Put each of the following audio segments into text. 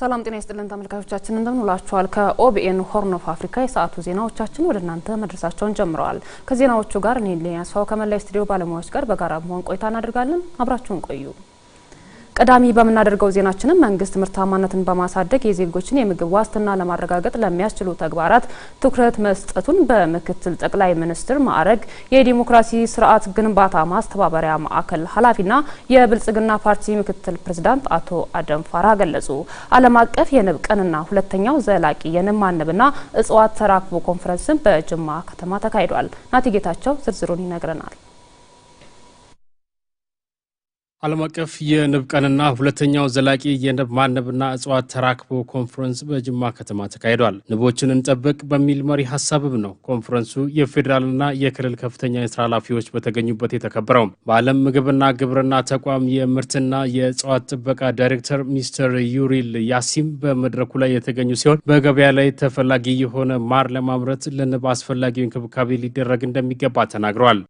ሰላም ጤና ይስጥልን ተመልካቾቻችን፣ እንደምን ውላችኋል? ከኦቢኤን ሆርን ኦፍ አፍሪካ የሰዓቱ ዜናዎቻችን ወደ እናንተ መድረሳቸውን ጀምረዋል። ከዜናዎቹ ጋር እኔ ሊያስፋው ከመላይ ስቱዲዮ ባለሙያዎች ጋር በጋራ መሆን ቆይታ እናደርጋለን። አብራችሁን ቆዩ። ቀዳሚ በምናደርገው ዜናችንም መንግስት ምርታማነትን በማሳደግ የዜጎችን የምግብ ዋስትና ለማረጋገጥ ለሚያስችሉ ተግባራት ትኩረት መስጠቱን በምክትል ጠቅላይ ሚኒስትር ማዕረግ የዲሞክራሲ ስርዓት ግንባታ ማስተባበሪያ ማዕከል ኃላፊና የብልጽግና ፓርቲ ምክትል ፕሬዝዳንት አቶ አደም ፋራ ገለጹ። ዓለም አቀፍ የንብ ቀንና ሁለተኛው ዘላቂ የንብ ማነብና እጽዋት ተራክቦ ኮንፈረንስን በጅማ ከተማ ተካሂዷል። ናቲ ጌታቸው ዝርዝሩን ይነግረናል። ዓለም አቀፍ የንብ ቀንና ሁለተኛው ዘላቂ የንብ ማነብና እጽዋት ተራክቦ ኮንፈረንስ በጅማ ከተማ ተካሂዷል። ንቦችን እንጠብቅ በሚል መሪ ሀሳብም ነው ኮንፈረንሱ የፌዴራልና የክልል ከፍተኛ የስራ ኃላፊዎች በተገኙበት የተከበረው። በዓለም ምግብና ግብርና ተቋም የምርትና የእጽዋት ጥበቃ ዳይሬክተር ሚስተር ዩሪል ያሲም በመድረኩ ላይ የተገኙ ሲሆን በገበያ ላይ ተፈላጊ የሆነ ማር ለማምረት ለንብ አስፈላጊው እንክብካቤ ሊደረግ እንደሚገባ ተናግረዋል።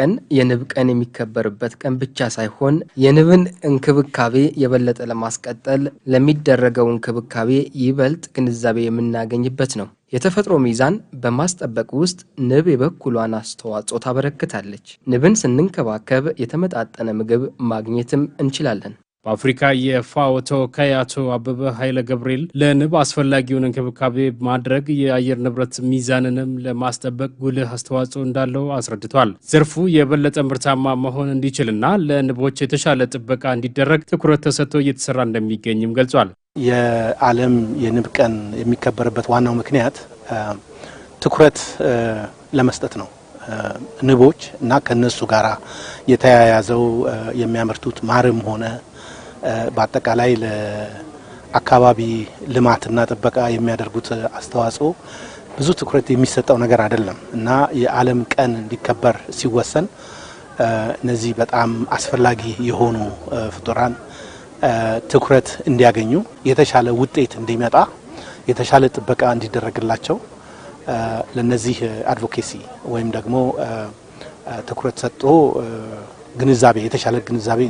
ቀን የንብ ቀን የሚከበርበት ቀን ብቻ ሳይሆን የንብን እንክብካቤ የበለጠ ለማስቀጠል ለሚደረገው እንክብካቤ ይበልጥ ግንዛቤ የምናገኝበት ነው። የተፈጥሮ ሚዛን በማስጠበቅ ውስጥ ንብ የበኩሏን አስተዋጽኦ ታበረክታለች። ንብን ስንንከባከብ የተመጣጠነ ምግብ ማግኘትም እንችላለን። በአፍሪካ የፋኦ ተወካይ አቶ አበበ ኃይለ ገብርኤል ለንብ አስፈላጊውን እንክብካቤ ማድረግ የአየር ንብረት ሚዛንንም ለማስጠበቅ ጉልህ አስተዋጽኦ እንዳለው አስረድቷል። ዘርፉ የበለጠ ምርታማ መሆን እንዲችልና ለንቦች የተሻለ ጥበቃ እንዲደረግ ትኩረት ተሰጥቶ እየተሰራ እንደሚገኝም ገልጿል። የዓለም የንብ ቀን የሚከበርበት ዋናው ምክንያት ትኩረት ለመስጠት ነው። ንቦች እና ከነሱ ጋራ የተያያዘው የሚያመርቱት ማርም ሆነ በአጠቃላይ ለአካባቢ ልማትና ጥበቃ የሚያደርጉት አስተዋጽኦ ብዙ ትኩረት የሚሰጠው ነገር አይደለም እና የዓለም ቀን እንዲከበር ሲወሰን እነዚህ በጣም አስፈላጊ የሆኑ ፍጡራን ትኩረት እንዲያገኙ፣ የተሻለ ውጤት እንዲመጣ፣ የተሻለ ጥበቃ እንዲደረግላቸው ለነዚህ አድቮኬሲ ወይም ደግሞ ትኩረት ሰጥቶ ግንዛቤ የተሻለ ግንዛቤ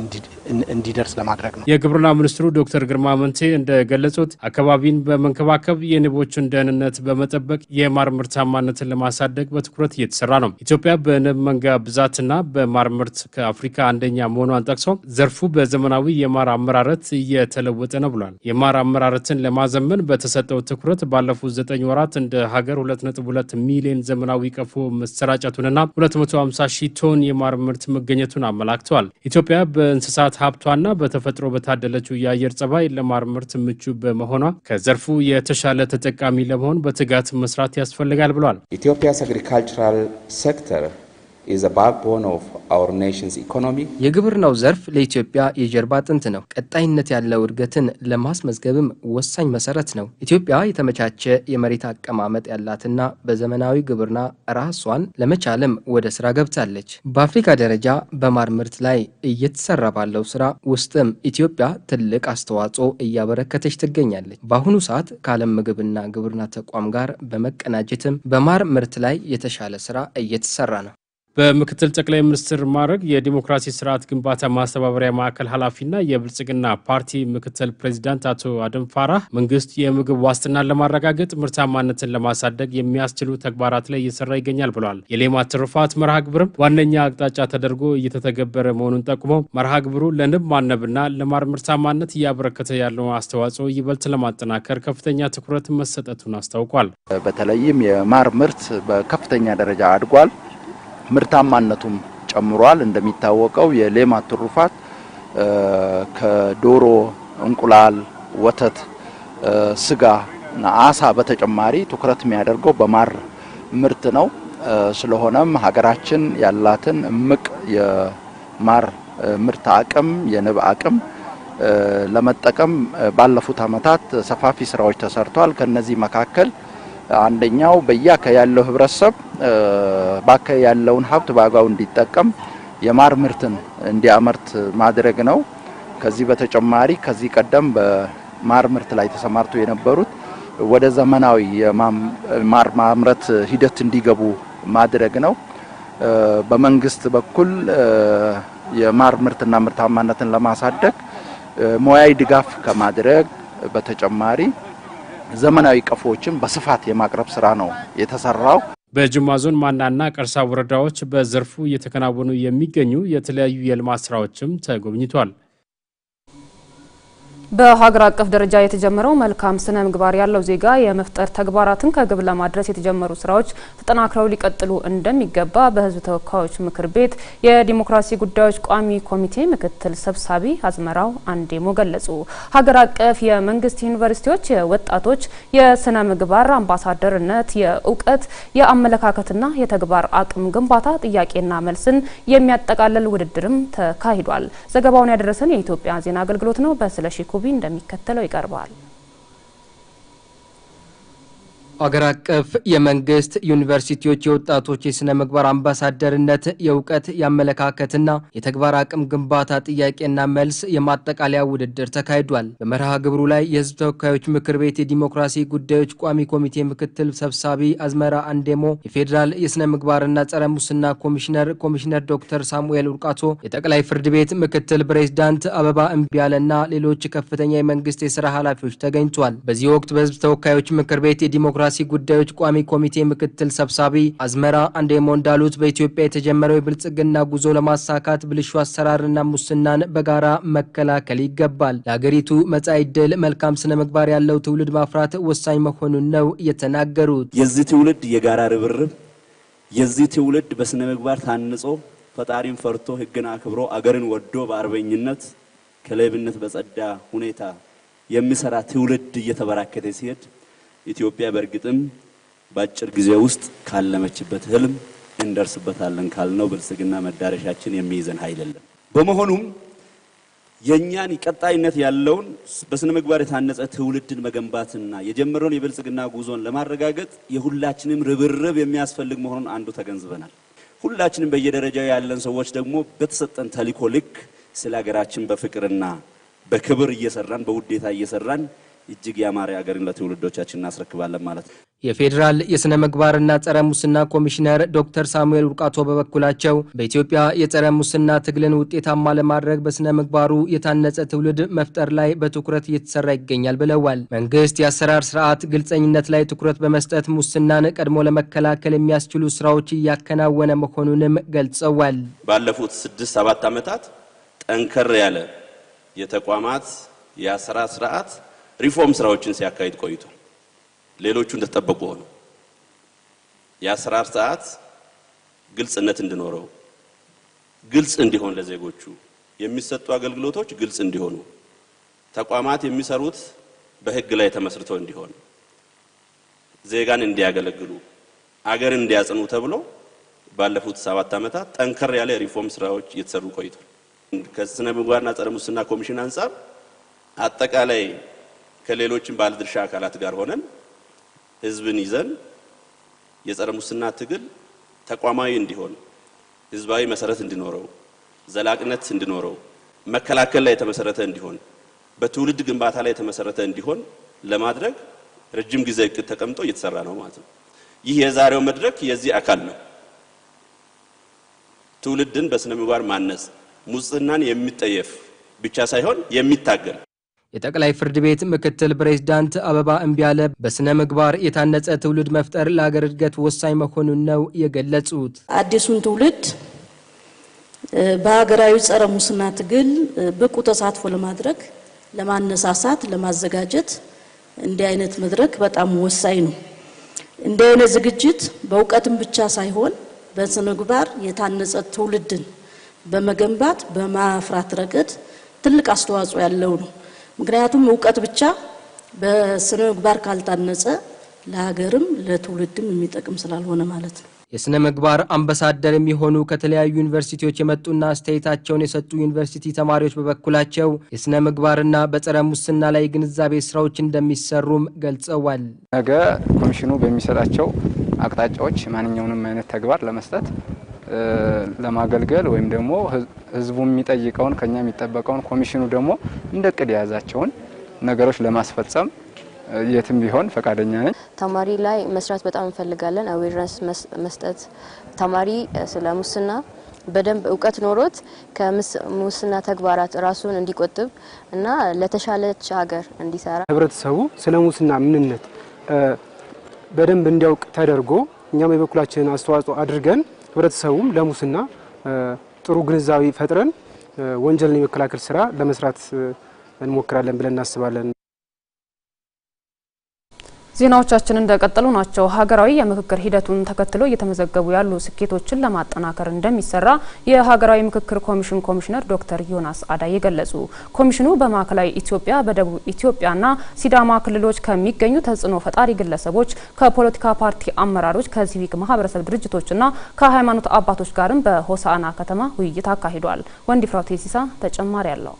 እንዲደርስ ለማድረግ ነው። የግብርና ሚኒስትሩ ዶክተር ግርማ መንቴ እንደገለጹት አካባቢን በመንከባከብ የንቦችን ደህንነት በመጠበቅ የማር ምርታማነትን ለማሳደግ በትኩረት እየተሰራ ነው። ኢትዮጵያ በንብ መንጋ ብዛትና በማር ምርት ከአፍሪካ አንደኛ መሆኗን ጠቅሶ ዘርፉ በዘመናዊ የማር አመራረት እየተለወጠ ነው ብሏል። የማር አመራረትን ለማዘመን በተሰጠው ትኩረት ባለፉት ዘጠኝ ወራት እንደ ሀገር 2.2 ሚሊዮን ዘመናዊ ቀፎ መሰራጨቱንና 250 ሺህ ቶን የማር ምርት መገኘቱን አመላክተዋል። ኢትዮጵያ በእንስሳት ሀብቷና በተፈጥሮ በታደለችው የአየር ጸባይ ለማር ምርት ምቹ በመሆኗ ከዘርፉ የተሻለ ተጠቃሚ ለመሆን በትጋት መስራት ያስፈልጋል ብሏል። ኢትዮጵያስ አግሪካልቸራል ሴክተር የግብርናው ዘርፍ ለኢትዮጵያ የጀርባ አጥንት ነው። ቀጣይነት ያለው እድገትን ለማስመዝገብም ወሳኝ መሰረት ነው። ኢትዮጵያ የተመቻቸ የመሬት አቀማመጥ ያላትና በዘመናዊ ግብርና ራሷን ለመቻልም ወደ ስራ ገብታለች። በአፍሪካ ደረጃ በማር ምርት ላይ እየተሰራ ባለው ስራ ውስጥም ኢትዮጵያ ትልቅ አስተዋጽኦ እያበረከተች ትገኛለች። በአሁኑ ሰዓት ከዓለም ምግብና ግብርና ተቋም ጋር በመቀናጀትም በማር ምርት ላይ የተሻለ ስራ እየተሰራ ነው። በምክትል ጠቅላይ ሚኒስትር ማዕረግ የዲሞክራሲ ስርዓት ግንባታ ማስተባበሪያ ማዕከል ኃላፊና የብልጽግና ፓርቲ ምክትል ፕሬዚዳንት አቶ አደም ፋራህ መንግስት የምግብ ዋስትናን ለማረጋገጥ ምርታማነትን ለማሳደግ የሚያስችሉ ተግባራት ላይ እየሰራ ይገኛል ብለዋል። የሌማት ትሩፋት መርሃ ግብርም ዋነኛ አቅጣጫ ተደርጎ እየተተገበረ መሆኑን ጠቁመው መርሃ ግብሩ ለንብ ማነብና ለማር ምርታማነት እያበረከተ ያለውን አስተዋጽኦ ይበልጥ ለማጠናከር ከፍተኛ ትኩረት መሰጠቱን አስታውቋል። በተለይም የማር ምርት በከፍተኛ ደረጃ አድጓል። ምርታማነቱም ጨምሯል። እንደሚታወቀው የሌማት ትሩፋት ከዶሮ፣ እንቁላል፣ ወተት፣ ስጋ እና አሳ በተጨማሪ ትኩረት የሚያደርገው በማር ምርት ነው። ስለሆነም ሀገራችን ያላትን እምቅ የማር ምርት አቅም የንብ አቅም ለመጠቀም ባለፉት ዓመታት ሰፋፊ ስራዎች ተሰርቷል። ከነዚህ መካከል አንደኛው በያከ ያለው ህብረተሰብ ባከ ያለውን ሀብት በአግባቡ እንዲጠቀም የማር ምርትን እንዲያመርት ማድረግ ነው። ከዚህ በተጨማሪ ከዚህ ቀደም በማር ምርት ላይ ተሰማርተው የነበሩት ወደ ዘመናዊ የማር ማምረት ሂደት እንዲገቡ ማድረግ ነው። በመንግስት በኩል የማር ምርትና ምርታማነትን ለማሳደግ ሙያዊ ድጋፍ ከማድረግ በተጨማሪ ዘመናዊ ቀፎዎችን በስፋት የማቅረብ ስራ ነው የተሰራው። በጅማ ዞን ማናና ቀርሳ ወረዳዎች በዘርፉ እየተከናወኑ የሚገኙ የተለያዩ የልማት ስራዎችም ተጎብኝቷል። በሀገር አቀፍ ደረጃ የተጀመረው መልካም ስነ ምግባር ያለው ዜጋ የመፍጠር ተግባራትን ከግብ ለማድረስ የተጀመሩ ስራዎች ተጠናክረው ሊቀጥሉ እንደሚገባ በሕዝብ ተወካዮች ምክር ቤት የዲሞክራሲ ጉዳዮች ቋሚ ኮሚቴ ምክትል ሰብሳቢ አዝመራው አንዴሞ ገለጹ። ሀገር አቀፍ የመንግስት ዩኒቨርሲቲዎች የወጣቶች የስነ ምግባር አምባሳደርነት የእውቀት የአመለካከትና የተግባር አቅም ግንባታ ጥያቄና መልስን የሚያጠቃልል ውድድርም ተካሂዷል። ዘገባውን ያደረሰን የኢትዮጵያ ዜና አገልግሎት ነው። በስለሺ ኩ ሮቢ እንደሚከተለው ይቀርባል። አገር አቀፍ የመንግስት ዩኒቨርሲቲዎች የወጣቶች የሥነ ምግባር አምባሳደርነት የእውቀት የአመለካከትና የተግባር አቅም ግንባታ ጥያቄና መልስ የማጠቃለያ ውድድር ተካሂዷል። በመርሃ ግብሩ ላይ የህዝብ ተወካዮች ምክር ቤት የዲሞክራሲ ጉዳዮች ቋሚ ኮሚቴ ምክትል ሰብሳቢ አዝመራ አንዴሞ፣ የፌዴራል የሥነ ምግባርና ጸረ ሙስና ኮሚሽነር ኮሚሽነር ዶክተር ሳሙኤል ኡርቃቶ፣ የጠቅላይ ፍርድ ቤት ምክትል ፕሬዝዳንት አበባ እምቢያለና ሌሎች ከፍተኛ የመንግስት የሥራ ኃላፊዎች ተገኝቷል። በዚህ ወቅት በህዝብ ተወካዮች ምክር ቤት የዲሞክራሲ ዲሞክራሲ ጉዳዮች ቋሚ ኮሚቴ ምክትል ሰብሳቢ አዝመራ አንዴሞ እንዳሉት በኢትዮጵያ የተጀመረው የብልጽግና ጉዞ ለማሳካት ብልሹ አሰራርና ሙስናን በጋራ መከላከል ይገባል። ለሀገሪቱ መጻኢ ዕድል መልካም ስነ ምግባር ያለው ትውልድ ማፍራት ወሳኝ መሆኑን ነው የተናገሩት። የዚህ ትውልድ የጋራ ርብርብ የዚህ ትውልድ በስነ ምግባር ታንጾ ፈጣሪን ፈርቶ ሕግን አክብሮ አገርን ወዶ በአርበኝነት ከሌብነት በጸዳ ሁኔታ የሚሰራ ትውልድ እየተበራከተ ሲሄድ ኢትዮጵያ በእርግጥም በአጭር ጊዜ ውስጥ ካለመችበት ህልም እንደርስበታለን ካልነው ብልጽግና መዳረሻችን የሚይዘን ኃይል የለም። በመሆኑም የእኛን ቀጣይነት ያለውን በስነ ምግባር የታነጸ ትውልድን መገንባትና የጀመረውን የብልጽግና ጉዞን ለማረጋገጥ የሁላችንም ርብርብ የሚያስፈልግ መሆኑን አንዱ ተገንዝበናል። ሁላችንም በየደረጃው ያለን ሰዎች ደግሞ በተሰጠን ተልዕኮ ልክ ስለ ሀገራችን በፍቅርና በክብር እየሰራን በውዴታ እየሰራን እጅግ ያማረ ሀገርን ለትውልዶቻችን እናስረክባለን ማለት ነው። የፌዴራል የሥነ ምግባርና ጸረ ሙስና ኮሚሽነር ዶክተር ሳሙኤል ውርቃቶ በበኩላቸው በኢትዮጵያ የጸረ ሙስና ትግልን ውጤታማ ለማድረግ በሥነ ምግባሩ የታነጸ ትውልድ መፍጠር ላይ በትኩረት እየተሰራ ይገኛል ብለዋል። መንግስት የአሰራር ስርዓት ግልጸኝነት ላይ ትኩረት በመስጠት ሙስናን ቀድሞ ለመከላከል የሚያስችሉ ስራዎች እያከናወነ መሆኑንም ገልጸዋል። ባለፉት ስድስት ሰባት ዓመታት ጠንከር ያለ የተቋማት የአሰራር ስርዓት ሪፎርም ስራዎችን ሲያካሂድ ቆይቶ ሌሎቹ እንደተጠበቁ ሆነው የአሰራር ሰዓት ግልጽነት እንዲኖረው ግልጽ እንዲሆን ለዜጎቹ የሚሰጡ አገልግሎቶች ግልጽ እንዲሆኑ ተቋማት የሚሰሩት በህግ ላይ ተመስርቶ እንዲሆን ዜጋን እንዲያገለግሉ አገር እንዲያጽኑ ተብሎ ባለፉት ሰባት ዓመታት ጠንከር ያለ ሪፎርም ስራዎች እየተሰሩ ቆይቷል። ከስነ ምግባርና ጸረ ሙስና ኮሚሽን አንጻር አጠቃላይ ከሌሎችም ባለድርሻ አካላት ጋር ሆነን ህዝብን ይዘን የጸረ ሙስና ትግል ተቋማዊ እንዲሆን ህዝባዊ መሰረት እንዲኖረው ዘላቅነት እንዲኖረው መከላከል ላይ የተመሰረተ እንዲሆን በትውልድ ግንባታ ላይ የተመሰረተ እንዲሆን ለማድረግ ረጅም ጊዜ እቅድ ተቀምጦ እየተሰራ ነው ማለት ነው። ይህ የዛሬው መድረክ የዚህ አካል ነው። ትውልድን በስነ ምግባር ማነጽ፣ ሙስናን የሚጠየፍ ብቻ ሳይሆን የሚታገል የጠቅላይ ፍርድ ቤት ምክትል ፕሬዝዳንት አበባ እምቢያለ በስነ ምግባር የታነጸ ትውልድ መፍጠር ለሀገር እድገት ወሳኝ መሆኑን ነው የገለጹት። አዲሱን ትውልድ በሀገራዊ ጸረ ሙስና ትግል ብቁ ተሳትፎ ለማድረግ ለማነሳሳት፣ ለማዘጋጀት እንዲህ አይነት መድረክ በጣም ወሳኝ ነው። እንዲህ አይነት ዝግጅት በእውቀትም ብቻ ሳይሆን በስነ ምግባር የታነጸ ትውልድን በመገንባት በማፍራት ረገድ ትልቅ አስተዋጽኦ ያለው ነው። ምክንያቱም እውቀት ብቻ በስነ ምግባር ካልታነጸ ለሀገርም ለትውልድም የሚጠቅም ስላልሆነ ማለት ነው። የስነ ምግባር አምባሳደር የሚሆኑ ከተለያዩ ዩኒቨርሲቲዎች የመጡና አስተያየታቸውን የሰጡ ዩኒቨርሲቲ ተማሪዎች በበኩላቸው የስነ ምግባርና በጸረ ሙስና ላይ ግንዛቤ ስራዎች እንደሚሰሩም ገልጸዋል። ነገ ኮሚሽኑ በሚሰጣቸው አቅጣጫዎች ማንኛውንም አይነት ተግባር ለመስጠት ለማገልገል ወይም ደግሞ ህዝቡ የሚጠይቀውን ከኛ የሚጠበቀውን ኮሚሽኑ ደግሞ እንደ ቅድ የያዛቸውን ነገሮች ለማስፈጸም የትም ቢሆን ፈቃደኛ ነኝ። ተማሪ ላይ መስራት በጣም እንፈልጋለን። አዌርነስ መስጠት ተማሪ ስለ ሙስና በደንብ እውቀት ኖሮት ከሙስና ተግባራት ራሱን እንዲቆጥብ እና ለተሻለች ሀገር እንዲሰራ ህብረተሰቡ ስለ ሙስና ምንነት በደንብ እንዲያውቅ ተደርጎ እኛም የበኩላችንን አስተዋጽኦ አድርገን ህብረተሰቡም ለሙስና ጥሩ ግንዛቤ ፈጥረን ወንጀልን የመከላከል ስራ ለመስራት እንሞክራለን ብለን እናስባለን። ዜናዎቻችን እንደቀጠሉ ናቸው። ሀገራዊ የምክክር ሂደቱን ተከትሎ እየተመዘገቡ ያሉ ስኬቶችን ለማጠናከር እንደሚሰራ የሀገራዊ ምክክር ኮሚሽን ኮሚሽነር ዶክተር ዮናስ አዳይ ገለጹ። ኮሚሽኑ በማዕከላዊ ኢትዮጵያ፣ በደቡብ ኢትዮጵያና ሲዳማ ክልሎች ከሚገኙ ተጽዕኖ ፈጣሪ ግለሰቦች፣ ከፖለቲካ ፓርቲ አመራሮች፣ ከሲቪክ ማህበረሰብ ድርጅቶችና ከሃይማኖት አባቶች ጋርም በሆሳአና ከተማ ውይይት አካሂዷል። ወንዲ ፍራው ተጨማሪ አለው።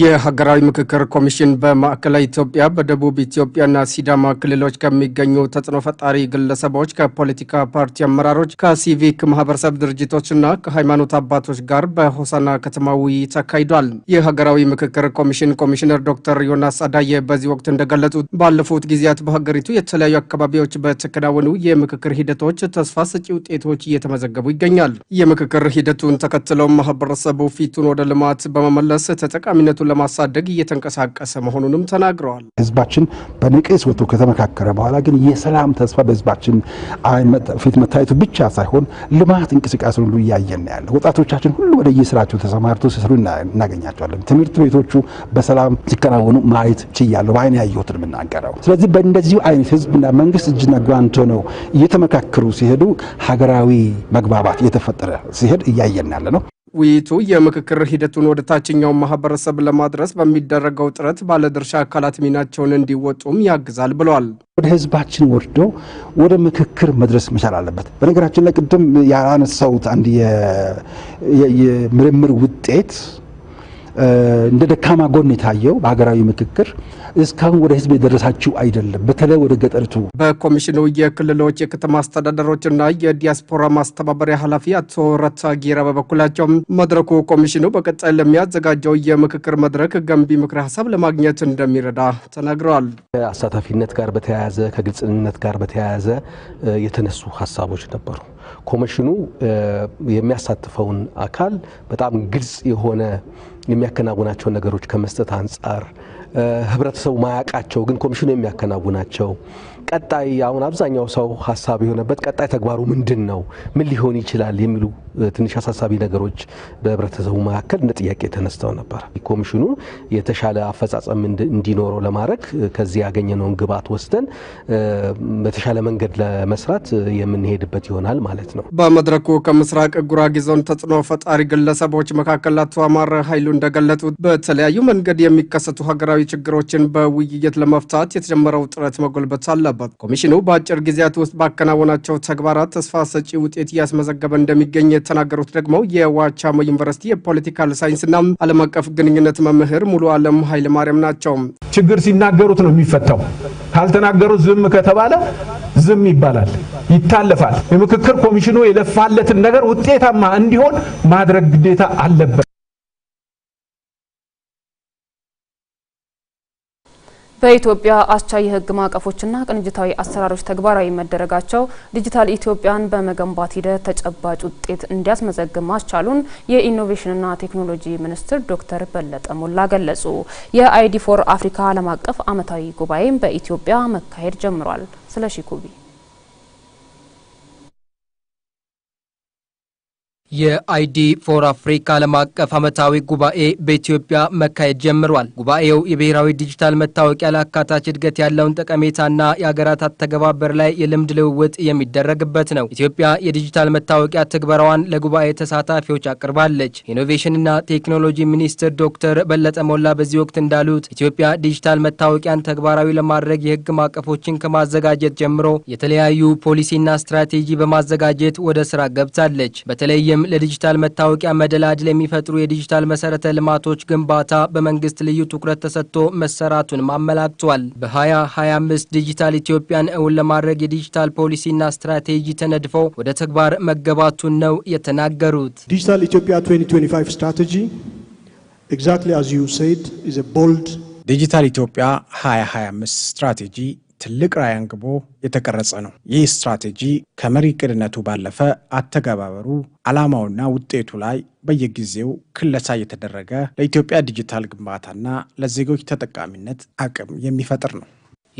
የሀገራዊ ምክክር ኮሚሽን በማዕከላዊ ኢትዮጵያ በደቡብ ኢትዮጵያና ሲዳማ ክልሎች ከሚገኙ ተጽዕኖ ፈጣሪ ግለሰቦች፣ ከፖለቲካ ፓርቲ አመራሮች፣ ከሲቪክ ማህበረሰብ ድርጅቶችና ከሃይማኖት አባቶች ጋር በሆሳና ከተማ ውይይት አካሂዷል። የሀገራዊ ምክክር ኮሚሽን ኮሚሽነር ዶክተር ዮናስ አዳየ በዚህ ወቅት እንደገለጹት ባለፉት ጊዜያት በሀገሪቱ የተለያዩ አካባቢዎች በተከናወኑ የምክክር ሂደቶች ተስፋ ሰጪ ውጤቶች እየተመዘገቡ ይገኛል። የምክክር ሂደቱን ተከትለው ማህበረሰቡ ፊቱን ወደ ልማት በመመለስ ተጠቃሚነት ተጠያቂነቱን ለማሳደግ እየተንቀሳቀሰ መሆኑንም ተናግረዋል። ህዝባችን በንቅስ ወጥቶ ከተመካከረ በኋላ ግን የሰላም ተስፋ በህዝባችን ፊት መታየቱ ብቻ ሳይሆን ልማት እንቅስቃሴ ሁሉ እያየን ያለ ወጣቶቻችን ሁሉ ወደ የስራቸው ተሰማርቶ ሲሰሩ እናገኛቸዋለን። ትምህርት ቤቶቹ በሰላም ሲከናወኑ ማየት ችያለሁ። በአይን ያየሁትን የምናገረው። ስለዚህ በእንደዚሁ አይነት ህዝብና መንግስት እጅና ጓንቶ ነው እየተመካከሩ ሲሄዱ ሀገራዊ መግባባት እየተፈጠረ ሲሄድ እያየን ያለ ነው። ውይይቱ የምክክር ሂደቱን ወደ ታችኛው ማህበረሰብ ለማድረስ በሚደረገው ጥረት ባለድርሻ አካላት ሚናቸውን እንዲወጡም ያግዛል ብለዋል። ወደ ህዝባችን ወርዶ ወደ ምክክር መድረስ መቻል አለበት። በነገራችን ላይ ቅድም ያነሳሁት አንድ የምርምር ውጤት እንደ ደካማ ጎን የታየው በሀገራዊ ምክክር እስካሁን ወደ ህዝብ የደረሳችው አይደለም። በተለይ ወደ ገጠሪቱ። በኮሚሽኑ የክልሎች የከተማ አስተዳደሮችና የዲያስፖራ ማስተባበሪያ ኃላፊ አቶ ረታ ጌራ በበኩላቸው መድረኩ ኮሚሽኑ በቀጣይ ለሚያዘጋጀው የምክክር መድረክ ገንቢ ምክረ ሀሳብ ለማግኘት እንደሚረዳ ተናግረዋል። ከአሳታፊነት ጋር በተያያዘ ከግልጽነት ጋር በተያያዘ የተነሱ ሀሳቦች ነበሩ። ኮሚሽኑ የሚያሳትፈውን አካል በጣም ግልጽ የሆነ የሚያከናውናቸውን ነገሮች ከመስጠት አንጻር ህብረተሰቡ ማያውቃቸው ግን ኮሚሽኑ የሚያከናውናቸው ቀጣይ አሁን አብዛኛው ሰው ሀሳብ የሆነበት ቀጣይ ተግባሩ ምንድን ነው፣ ምን ሊሆን ይችላል የሚሉ ትንሽ አሳሳቢ ነገሮች በህብረተሰቡ መካከል እንደ ጥያቄ ተነስተው ነበር። ኮሚሽኑ የተሻለ አፈጻጸም እንዲኖረው ለማድረግ ከዚህ ያገኘነውን ግብዓት ወስደን በተሻለ መንገድ ለመስራት የምንሄድበት ይሆናል ማለት ነው። በመድረኩ ከምስራቅ ጉራጌ ዞን ተጽዕኖ ፈጣሪ ግለሰቦች መካከል አቶ አማረ ኃይሉ እንደገለጡት በተለያዩ መንገድ የሚከሰቱ ሀገራዊ ችግሮችን በውይይት ለመፍታት የተጀመረው ጥረት መጎልበት አለበት። ኮሚሽኑ በአጭር ጊዜያት ውስጥ ባከናወናቸው ተግባራት ተስፋ ሰጪ ውጤት እያስመዘገበ እንደሚገኝ የተናገሩት ደግሞ የዋቻሞ ዩኒቨርሲቲ የፖለቲካል ሳይንስና ዓለም አቀፍ ግንኙነት መምህር ሙሉ አለም ማርያም ናቸው። ችግር ሲናገሩት ነው የሚፈታው። ካልተናገሩት ዝም ከተባለ ዝም ይባላል፣ ይታለፋል። የምክክር ኮሚሽኑ የለፋለትን ነገር ውጤታማ እንዲሆን ማድረግ ግዴታ አለበት። በኢትዮጵያ አስቻይ የህግ ማዕቀፎችና ቅንጅታዊ አሰራሮች ተግባራዊ መደረጋቸው ዲጂታል ኢትዮጵያን በመገንባት ሂደት ተጨባጭ ውጤት እንዲያስመዘግብ ማስቻሉን የኢኖቬሽንና ቴክኖሎጂ ሚኒስትር ዶክተር በለጠ ሞላ ገለጹ። የአይዲ ፎር አፍሪካ ዓለም አቀፍ ዓመታዊ ጉባኤም በኢትዮጵያ መካሄድ ጀምሯል። ስለሺ ኩቢ የአይዲ ፎር አፍሪካ ዓለም አቀፍ ዓመታዊ ጉባኤ በኢትዮጵያ መካሄድ ጀምሯል። ጉባኤው የብሔራዊ ዲጂታል መታወቂያ ለአካታች እድገት ያለውን ጠቀሜታና የአገራት አተገባበር ላይ የልምድ ልውውጥ የሚደረግበት ነው። ኢትዮጵያ የዲጂታል መታወቂያ ትግበራዋን ለጉባኤ ተሳታፊዎች አቅርባለች። ኢኖቬሽንና ቴክኖሎጂ ሚኒስትር ዶክተር በለጠ ሞላ በዚህ ወቅት እንዳሉት ኢትዮጵያ ዲጂታል መታወቂያን ተግባራዊ ለማድረግ የህግ ማዕቀፎችን ከማዘጋጀት ጀምሮ የተለያዩ ፖሊሲና ስትራቴጂ በማዘጋጀት ወደ ስራ ገብታለች። በተለይም በመሆኑም ለዲጂታል መታወቂያ መደላድል የሚፈጥሩ የዲጂታል መሰረተ ልማቶች ግንባታ በመንግስት ልዩ ትኩረት ተሰጥቶ መሰራቱን አመላክቷል። በ2025 ዲጂታል ኢትዮጵያን እውን ለማድረግ የዲጂታል ፖሊሲና ስትራቴጂ ተነድፈው ወደ ተግባር መገባቱን ነው የተናገሩት። ዲጂታል ኢትዮጵያ 2025 ስትራቴጂ ኤግዛክትሊ አዝ ዩ ሴድ ኢዝ ቦልድ ዲጂታል ኢትዮጵያ 2025 ስትራቴጂ ትልቅ ራዕይ አንግቦ የተቀረጸ ነው። ይህ ስትራቴጂ ከመሪ ቅድነቱ ባለፈ አተገባበሩ፣ ዓላማውና ውጤቱ ላይ በየጊዜው ክለሳ እየተደረገ ለኢትዮጵያ ዲጂታል ግንባታና ለዜጎች ተጠቃሚነት አቅም የሚፈጥር ነው።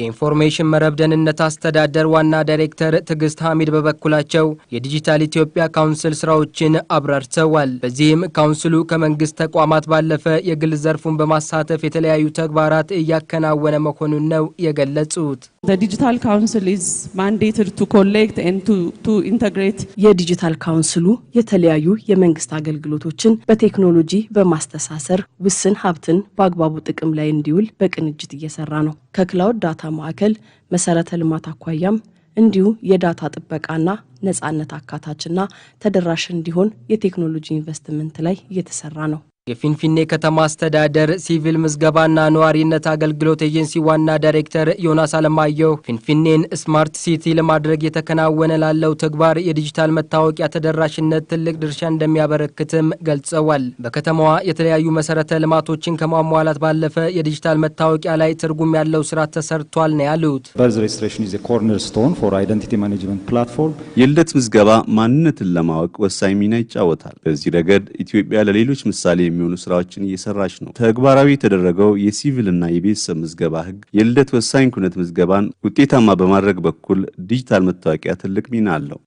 የኢንፎርሜሽን መረብ ደህንነት አስተዳደር ዋና ዳይሬክተር ትዕግስት ሐሚድ በበኩላቸው የዲጂታል ኢትዮጵያ ካውንስል ስራዎችን አብራርተዋል። በዚህም ካውንስሉ ከመንግስት ተቋማት ባለፈ የግል ዘርፉን በማሳተፍ የተለያዩ ተግባራት እያከናወነ መሆኑን ነው የገለጹት። ዲጂታል ካውንስል ኢዝ ማንዴትድ ቱ ኮሌክት ኤንድ ቱ ኢንተግሬት። የዲጂታል ካውንስሉ የተለያዩ የመንግስት አገልግሎቶችን በቴክኖሎጂ በማስተሳሰር ውስን ሀብትን በአግባቡ ጥቅም ላይ እንዲውል በቅንጅት እየሰራ ነው። ከክላውድ ዳታ ግንባታ ማዕከል መሰረተ ልማት አኳያም እንዲሁ የዳታ ጥበቃና ነጻነት አካታችና ተደራሽ እንዲሆን የቴክኖሎጂ ኢንቨስትመንት ላይ እየተሰራ ነው። የፊንፊኔ ከተማ አስተዳደር ሲቪል ምዝገባና ነዋሪነት አገልግሎት ኤጀንሲ ዋና ዳይሬክተር ዮናስ አለማየሁ ፊንፊኔን ስማርት ሲቲ ለማድረግ የተከናወነ ላለው ተግባር የዲጂታል መታወቂያ ተደራሽነት ትልቅ ድርሻ እንደሚያበረክትም ገልጸዋል። በከተማዋ የተለያዩ መሰረተ ልማቶችን ከማሟላት ባለፈ የዲጂታል መታወቂያ ላይ ትርጉም ያለው ስራ ተሰርቷል ነው ያሉት። በርዝ ሬጅስትሬሽን ኢዝ ኮርነር ስቶን ፎር አይደንቲቲ ማኔጅመንት ፕላትፎርም። የልደት ምዝገባ ማንነትን ለማወቅ ወሳኝ ሚና ይጫወታል። በዚህ ረገድ ኢትዮጵያ ለሌሎች ምሳሌ የሚሆኑ ስራዎችን እየሰራች ነው። ተግባራዊ የተደረገው የሲቪልና የቤተሰብ ምዝገባ ህግ የልደት ወሳኝ ኩነት ምዝገባን ውጤታማ በማድረግ በኩል ዲጂታል መታወቂያ ትልቅ ሚና አለው።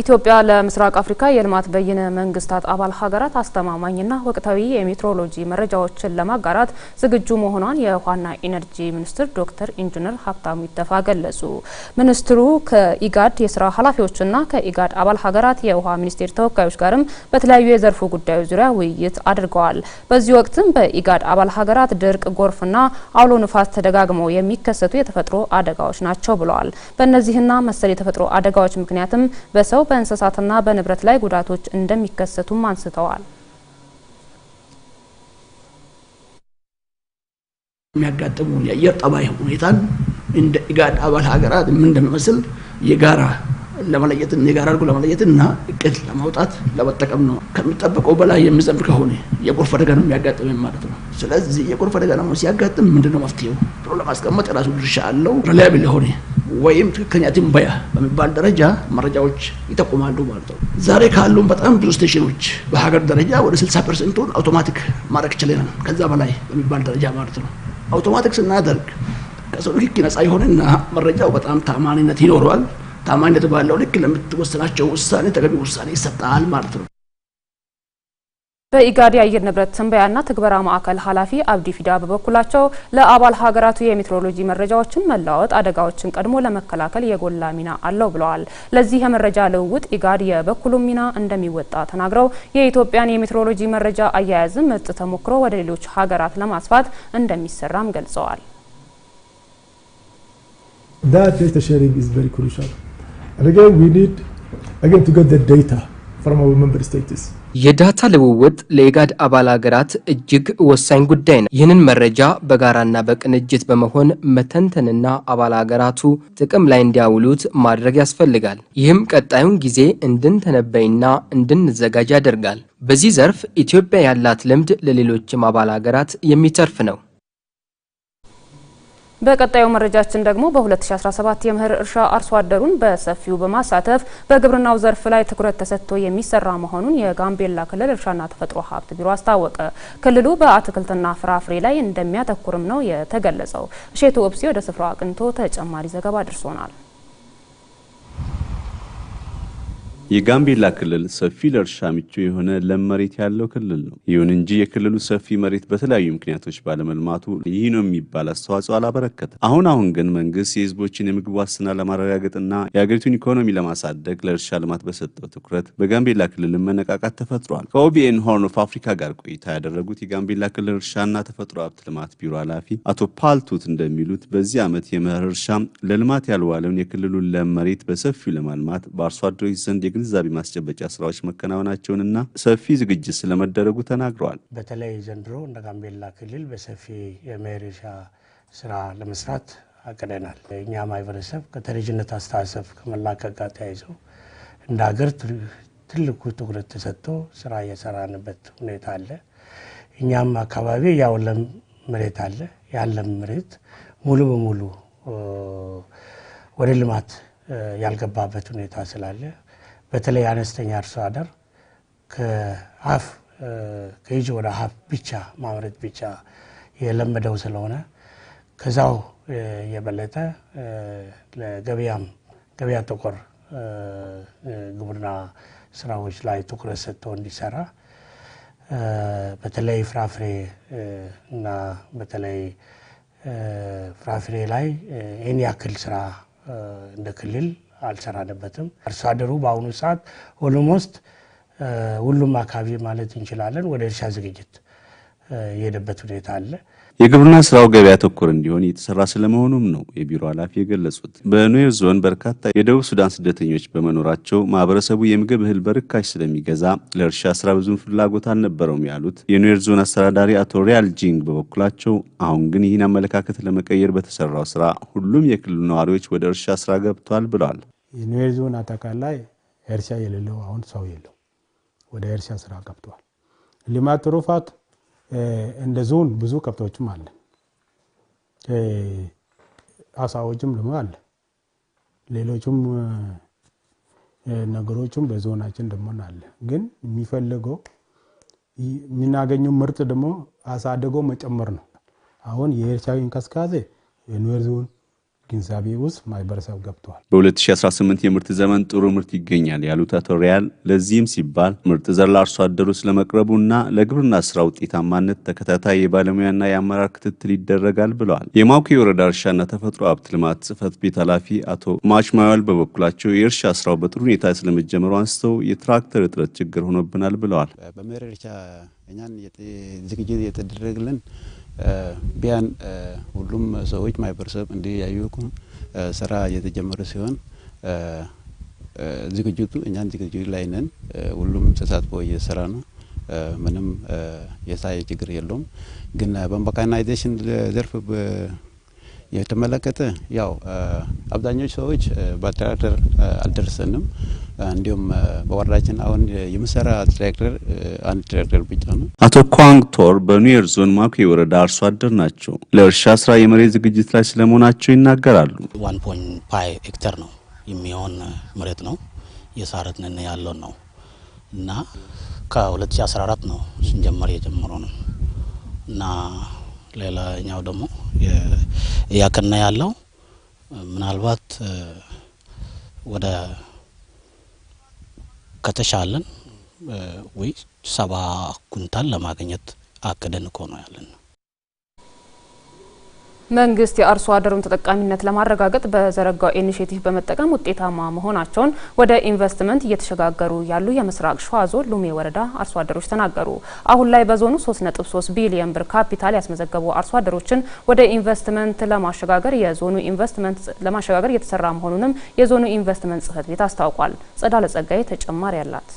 ኢትዮጵያ ለምስራቅ አፍሪካ የልማት በይነ መንግስታት አባል ሀገራት አስተማማኝና ወቅታዊ የሜትሮሎጂ መረጃዎችን ለማጋራት ዝግጁ መሆኗን የውሃና ኢነርጂ ሚኒስትር ዶክተር ኢንጂነር ሀብታሙ ይተፋ ገለጹ። ሚኒስትሩ ከኢጋድ የስራ ኃላፊዎችና ከኢጋድ አባል ሀገራት የውሃ ሚኒስቴር ተወካዮች ጋርም በተለያዩ የዘርፉ ጉዳዮች ዙሪያ ውይይት አድርገዋል። በዚህ ወቅትም በኢጋድ አባል ሀገራት ድርቅ፣ ጎርፍና አውሎ ንፋስ ተደጋግመው የሚከሰቱ የተፈጥሮ አደጋዎች ናቸው ብለዋል። በእነዚህና መሰል የተፈጥሮ አደጋዎች ምክንያትም በሰው ተከስተው በእንስሳትና በንብረት ላይ ጉዳቶች እንደሚከሰቱም አንስተዋል። የሚያጋጥሙ የአየር ጠባይ ሁኔታን እንደ ኢጋድ አባል ሀገራት ምን እንደሚመስል የጋራ ለመለየትን የጋራ አድርጎ ለመለየትን እና እቅድ ለማውጣት ለመጠቀም ነው። ከሚጠበቀው በላይ የሚዘንብ ከሆነ የጎርፍ አደጋ ነው የሚያጋጥም ማለት ነው። ስለዚህ የጎርፍ አደጋ ደግሞ ሲያጋጥም ምንድነው መፍትሄው ብሎ ለማስቀመጥ የራሱ ድርሻ አለው። ሪላያብል የሆነ ወይም ትክክለኛ ትንበያ በሚባል ደረጃ መረጃዎች ይጠቁማሉ ማለት ነው። ዛሬ ካሉን በጣም ብዙ ስቴሽኖች በሀገር ደረጃ ወደ 60 ፐርሰንቱን አውቶማቲክ ማድረግ ችለናል፣ ከዛ በላይ በሚባል ደረጃ ማለት ነው። አውቶማቲክ ስናደርግ ከሰው ንክኪ ነፃ ይሆንና መረጃው በጣም ታማኒነት ይኖረዋል። ታማኝነት ባለው ልክ ለምትወስናቸው ውሳኔ ተገቢ ውሳኔ ይሰጣል ማለት ነው። በኢጋድ የአየር ንብረት ትንበያና ትግበራ ማዕከል ኃላፊ አብዲ ፊዳ በበኩላቸው ለአባል ሀገራቱ የሜትሮሎጂ መረጃዎችን መለዋወጥ አደጋዎችን ቀድሞ ለመከላከል የጎላ ሚና አለው ብለዋል። ለዚህ የመረጃ ልውውጥ ኢጋድ የበኩሉን ሚና እንደሚወጣ ተናግረው የኢትዮጵያን የሜትሮሎጂ መረጃ አያያዝም ምርጥ ተሞክሮ ወደ ሌሎች ሀገራት ለማስፋት እንደሚሰራም ገልጸዋል። የዳታ ልውውጥ ለኢጋድ አባል ሀገራት እጅግ ወሳኝ ጉዳይ ነው። ይህንን መረጃ በጋራና በቅንጅት በመሆን መተንተንና አባል ሀገራቱ ጥቅም ላይ እንዲያውሉት ማድረግ ያስፈልጋል። ይህም ቀጣዩን ጊዜ እንድንተነበይና እንድንዘጋጅ ያደርጋል። በዚህ ዘርፍ ኢትዮጵያ ያላት ልምድ ለሌሎችም አባል ሀገራት የሚተርፍ ነው። በቀጣዩ መረጃችን ደግሞ በ2017 የምህር እርሻ አርሶ አደሩን በሰፊው በማሳተፍ በግብርናው ዘርፍ ላይ ትኩረት ተሰጥቶ የሚሰራ መሆኑን የጋምቤላ ክልል እርሻና ተፈጥሮ ሀብት ቢሮ አስታወቀ። ክልሉ በአትክልትና ፍራፍሬ ላይ እንደሚያተኩርም ነው የተገለጸው። እሼቱ ወብሴ ወደ ስፍራው አቅንቶ ተጨማሪ ዘገባ አድርሶናል። የጋምቤላ ክልል ሰፊ ለእርሻ ምቹ የሆነ ለም መሬት ያለው ክልል ነው። ይሁን እንጂ የክልሉ ሰፊ መሬት በተለያዩ ምክንያቶች ባለመልማቱ ይህ ነው የሚባል አስተዋጽኦ አላበረከተ አሁን አሁን ግን መንግስት የህዝቦችን የምግብ ዋስትና ለማረጋገጥና የሀገሪቱን ኢኮኖሚ ለማሳደግ ለእርሻ ልማት በሰጠው ትኩረት በጋምቤላ ክልል መነቃቃት ተፈጥሯል። ከኦቢኤን ሆርን ኦፍ አፍሪካ ጋር ቆይታ ያደረጉት የጋምቤላ ክልል እርሻና ተፈጥሮ ሀብት ልማት ቢሮ ኃላፊ አቶ ፓልቱት እንደሚሉት በዚህ ዓመት የመኸር እርሻ ለልማት ያልዋለውን የክልሉን ለም መሬት በሰፊው ለማልማት በአርሶ አደሮች ዘንድ የግንዛቤ ማስጨበጫ ስራዎች መከናወናቸውንና ሰፊ ዝግጅት ስለመደረጉ ተናግረዋል። በተለይ ዘንድሮ እንደ ጋምቤላ ክልል በሰፊ የመሬሻ ስራ ለመስራት አቅደናል። እኛ ማህበረሰብ ከተረጅነት አስተሳሰብ ከመላቀቅ ጋር ተያይዘው እንደ ሀገር ትልቁ ትኩረት ተሰጥቶ ስራ እየሰራንበት ሁኔታ አለ። እኛም አካባቢ ያውለም መሬት አለ። ያለም መሬት ሙሉ በሙሉ ወደ ልማት ያልገባበት ሁኔታ ስላለ በተለይ አነስተኛ አርሶ አደር ከአፍ ከእጅ ወደ አፍ ብቻ ማምረት ብቻ የለመደው ስለሆነ ከዛው የበለጠ ለገበያም ገበያ ተኮር ግብርና ስራዎች ላይ ትኩረት ሰጥቶ እንዲሰራ በተለይ ፍራፍሬ እና በተለይ ፍራፍሬ ላይ ይህን ያክል ስራ እንደ ክልል አልሰራንበትም። አርሶ አደሩ በአሁኑ ሰዓት ኦልሞስት ሁሉም አካባቢ ማለት እንችላለን ወደ እርሻ ዝግጅት የሄደበት ሁኔታ አለ። የግብርና ስራው ገበያ ተኮር እንዲሆን እየተሰራ ስለመሆኑም ነው የቢሮ ኃላፊ የገለጹት። በኑዌር ዞን በርካታ የደቡብ ሱዳን ስደተኞች በመኖራቸው ማህበረሰቡ የምግብ እህል በርካሽ ስለሚገዛ ለእርሻ ስራ ብዙም ፍላጎት አልነበረውም ያሉት የኑዌር ዞን አስተዳዳሪ አቶ ሪያል ጂንግ በበኩላቸው አሁን ግን ይህን አመለካከት ለመቀየር በተሰራው ስራ ሁሉም የክልሉ ነዋሪዎች ወደ እርሻ ስራ ገብቷል ብለዋል። የኑዌር ዞን አጠቃላይ እርሻ የሌለው አሁን ሰው የለው ወደ እርሻ ስራ ገብቷል። ልማት ትሩፋት እንደ ዞን ብዙ ከብቶችም አለ፣ አሳዎችም ደግሞ አለ። ሌሎችም ነገሮችም በዞናችን ደግሞ አለ። ግን የሚፈልገው የምናገኘው ምርጥ ደግሞ አሳድጎ መጨመር ነው። አሁን የኤርቻዊ እንቅስቃሴ የኑዌር ዞን ግንዛቤ ውስጥ ማህበረሰብ ገብተዋል። በ2018 የምርት ዘመን ጥሩ ምርት ይገኛል ያሉት አቶ ሪያል ለዚህም ሲባል ምርጥ ዘር ለአርሶ አደሩ ስለመቅረቡ እና ለግብርና ስራ ውጤታማነት ተከታታይ የባለሙያና የአመራር ክትትል ይደረጋል ብለዋል። ወረዳ የወረዳ እርሻና ተፈጥሮ ሀብት ልማት ጽህፈት ቤት ኃላፊ አቶ ማች ማዋል በበኩላቸው የእርሻ ስራው በጥሩ ሁኔታ ስለመጀመሩ አንስተው የትራክተር እጥረት ችግር ሆኖብናል ብለዋል። በመሬት እርሻ እኛን ዝግጅት የተደረግልን ቢያን ሁሉም ሰዎች ማህበረሰብ እንዲያዩ ስራ እየተጀመረ ሲሆን ዝግጅቱ እኛን ዝግጅቱ ላይ ነን። ሁሉም ተሳትፎ እየሰራ ነው። ምንም የሳይ ችግር የለውም። ግን በሜካናይዜሽን ዘርፍ የተመለከተ ያው አብዛኞች ሰዎች በአደራደር አልደረሰንም። እንዲሁም በወረዳችን አሁን የምሰራ ትራክተር አንድ ትራክተር ብቻ ነው። አቶ ኳንግቶር በኑዌር ዞን ማኩ የወረዳ አርሶ አደር ናቸው። ለእርሻ ስራ የመሬት ዝግጅት ላይ ስለመሆናቸው ይናገራሉ። ዋን ፖይንት ፋይ ሄክተር ነው የሚሆን መሬት ነው የሳረትንን ያለውን ነው እና ከ2014 ነው ስንጀመር የጀምሮ ነው እና ሌላኛው ደግሞ እያከና ያለው ምናልባት ወደ ከተሻለን ወይ ሰባ ኩንታል ለማግኘት አቅደን እኮ ነው ያለን መንግስት የአርሶ አደሩን ተጠቃሚነት ለማረጋገጥ በዘረጋው ኢኒሽቲቭ በመጠቀም ውጤታማ መሆናቸውን ወደ ኢንቨስትመንት እየተሸጋገሩ ያሉ የምስራቅ ሸዋ ዞን ሉሜ ወረዳ አርሶ አደሮች ተናገሩ። አሁን ላይ በዞኑ 3.3 ቢሊዮን ብር ካፒታል ያስመዘገቡ አርሶ አደሮችን ወደ ኢንቨስትመንት ለማሸጋገር የዞኑ ኢንቨስትመንት ለማሸጋገር እየተሰራ መሆኑንም የዞኑ ኢንቨስትመንት ጽህፈት ቤት አስታውቋል። ጸዳለ ጸጋይ ተጨማሪ አላት።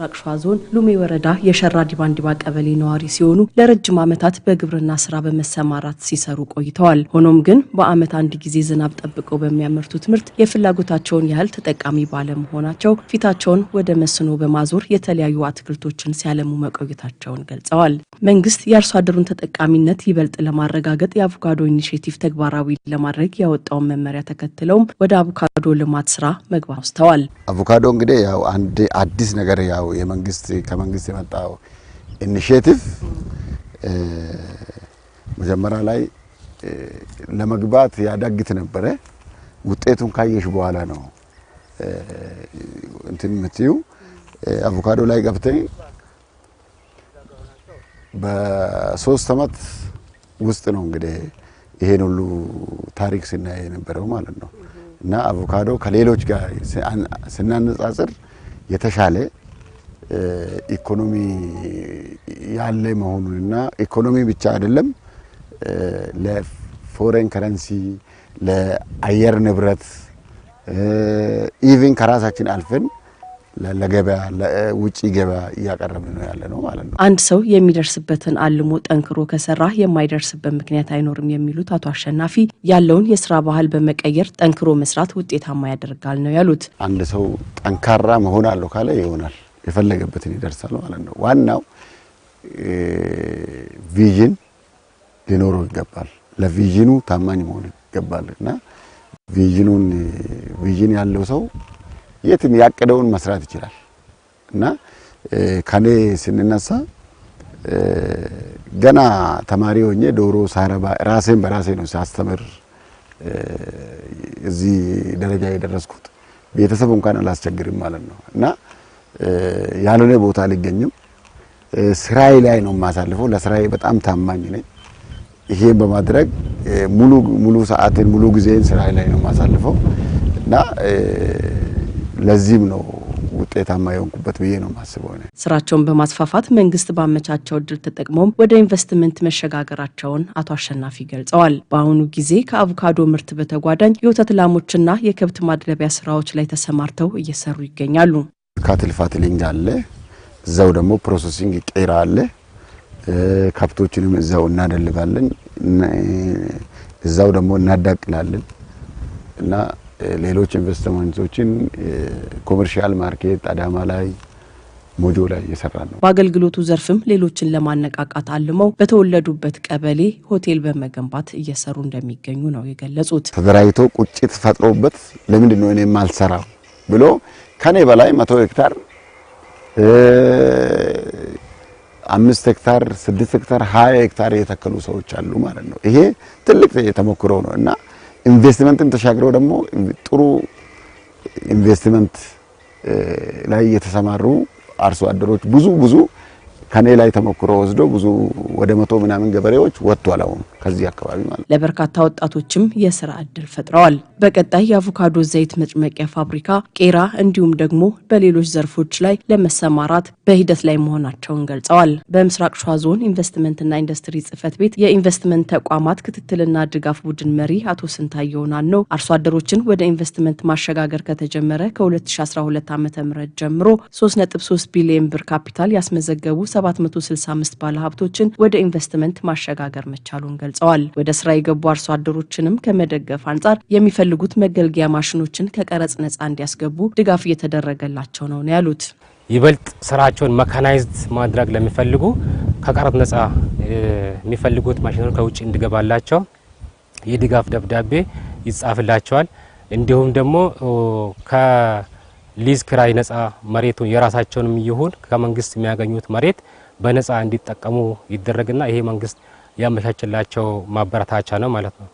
ምስራቅ ሸዋ ዞን ሉሜ ወረዳ የሸራ ዲባንዲባ ቀበሌ ነዋሪ ሲሆኑ ለረጅም ዓመታት በግብርና ስራ በመሰማራት ሲሰሩ ቆይተዋል። ሆኖም ግን በዓመት አንድ ጊዜ ዝናብ ጠብቀው በሚያመርቱት ምርት የፍላጎታቸውን ያህል ተጠቃሚ ባለመሆናቸው ፊታቸውን ወደ መስኖ በማዞር የተለያዩ አትክልቶችን ሲያለሙ መቆየታቸውን ገልጸዋል። መንግስት የአርሶ አደሩን ተጠቃሚነት ይበልጥ ለማረጋገጥ የአቮካዶ ኢኒሽቲቭ ተግባራዊ ለማድረግ ያወጣውን መመሪያ ተከትለውም ወደ አቮካዶ ልማት ስራ መግባት አውስተዋል። አቮካዶ እንግዲህ ያው አንድ አዲስ ነገር ያው የመንግስት ከመንግስት የመጣው ኢኒሼቲቭ መጀመሪያ ላይ ለመግባት ያዳግት ነበረ። ውጤቱን ካየሽ በኋላ ነው እንትን የምትዩ። አቮካዶ ላይ ገብተኝ በሶስት አመት ውስጥ ነው እንግዲህ ይሄን ሁሉ ታሪክ ስናይ የነበረው ማለት ነው። እና አቮካዶ ከሌሎች ጋር ስናነጻጽር የተሻለ ኢኮኖሚ ያለ መሆኑንና ኢኮኖሚ ብቻ አይደለም ለፎሬን ከረንሲ ለአየር ንብረት ኢቭን ከራሳችን አልፈን ለገበያ ውጭ ገበያ እያቀረብን ነው ያለ ነው ማለት ነው። አንድ ሰው የሚደርስበትን አልሞ ጠንክሮ ከሰራ የማይደርስበት ምክንያት አይኖርም የሚሉት አቶ አሸናፊ ያለውን የስራ ባህል በመቀየር ጠንክሮ መስራት ውጤታማ ያደርጋል ነው ያሉት። አንድ ሰው ጠንካራ መሆን አለው ካለ ይሆናል የፈለገበትን ይደርሳል ማለት ነው። ዋናው ቪዥን ሊኖረው ይገባል። ለቪዥኑ ታማኝ መሆን ይገባል እና ቪዥኑን ቪዥን ያለው ሰው የትም ያቀደውን መስራት ይችላል እና ከኔ ስንነሳ ገና ተማሪ ሆኜ ዶሮ ሳረባ ራሴን በራሴ ነው ሳስተምር እዚህ ደረጃ የደረስኩት። ቤተሰብ እንኳን አላስቸግርም ማለት ነው እና ያልሆነ ቦታ አልገኝም። ስራዬ ላይ ነው የማሳልፈው። ለስራዬ በጣም ታማኝ ነኝ። ይሄን በማድረግ ሙሉ ሙሉ ሰዓትን ሙሉ ጊዜን ስራዬ ላይ ነው የማሳልፈው እና ለዚህም ነው ውጤታማ የሆንኩበት ብዬ ነው የማስበው። ስራቸውን በማስፋፋት መንግስት ባመቻቸው እድል ተጠቅመውም ወደ ኢንቨስትመንት መሸጋገራቸውን አቶ አሸናፊ ገልጸዋል። በአሁኑ ጊዜ ከአቮካዶ ምርት በተጓዳኝ የወተት ላሞችና የከብት ማድለቢያ ስራዎች ላይ ተሰማርተው እየሰሩ ይገኛሉ። ካትል ፋትሊንግ አለ። እዛው ደግሞ ፕሮሰሲንግ ቄራ አለ። ከብቶችንም እዛው እናደልባለን፣ እዛው ደግሞ እናዳቅላለን እና ሌሎች ኢንቨስትመንቶችን ኮመርሻል ማርኬት አዳማ ላይ ሞጆ ላይ እየሰራ ነው። በአገልግሎቱ ዘርፍም ሌሎችን ለማነቃቃት አልመው በተወለዱበት ቀበሌ ሆቴል በመገንባት እየሰሩ እንደሚገኙ ነው የገለጹት። ተደራጅቶ ቁጭት ፈጥሮበት ለምንድን ነው እኔ ብሎ ከኔ በላይ መቶ ሄክታር አምስት ሄክታር ስድስት ሄክታር ሀያ ሄክታር የተከሉ ሰዎች አሉ ማለት ነው። ይሄ ትልቅ ተሞክሮ ነው እና ኢንቨስትመንትን ተሻግረው ደግሞ ጥሩ ኢንቨስትመንት ላይ የተሰማሩ አርሶ አደሮች ብዙ ብዙ ከኔ ላይ ተሞክሮ ወስዶ ብዙ ወደ መቶ ምናምን ገበሬዎች ወጥቷል አሁን። ከዚህ አካባቢ ማለት ለበርካታ ወጣቶችም የስራ እድል ፈጥረዋል። በቀጣይ የአቮካዶ ዘይት መጭመቂያ ፋብሪካ ቄራ፣ እንዲሁም ደግሞ በሌሎች ዘርፎች ላይ ለመሰማራት በሂደት ላይ መሆናቸውን ገልጸዋል። በምስራቅ ሸዋ ዞን ኢንቨስትመንትና ኢንዱስትሪ ጽህፈት ቤት የኢንቨስትመንት ተቋማት ክትትልና ድጋፍ ቡድን መሪ አቶ ስንታየሁ ናነው አርሶ አደሮችን ወደ ኢንቨስትመንት ማሸጋገር ከተጀመረ ከ2012 ዓ ም ጀምሮ 3.3 ቢሊዮን ብር ካፒታል ያስመዘገቡ 765 ባለሀብቶችን ወደ ኢንቨስትመንት ማሸጋገር መቻሉን ገልጸዋል። ገልጸዋል። ወደ ስራ የገቡ አርሶ አደሮችንም ከመደገፍ አንጻር የሚፈልጉት መገልገያ ማሽኖችን ከቀረጽ ነጻ እንዲያስገቡ ድጋፍ እየተደረገላቸው ነው ነው ያሉት። ይበልጥ ስራቸውን መካናይዝድ ማድረግ ለሚፈልጉ ከቀረጥ ነጻ የሚፈልጉት ማሽኖች ከውጭ እንዲገባላቸው የድጋፍ ደብዳቤ ይጻፍላቸዋል። እንዲሁም ደግሞ ከሊዝ ክራይ ነጻ መሬቱን የራሳቸውንም ይሁን ከመንግስት የሚያገኙት መሬት በነጻ እንዲጠቀሙ ይደረግና ይሄ መንግስት ያመቻችላቸው ማበረታቻ ነው ማለት ነው።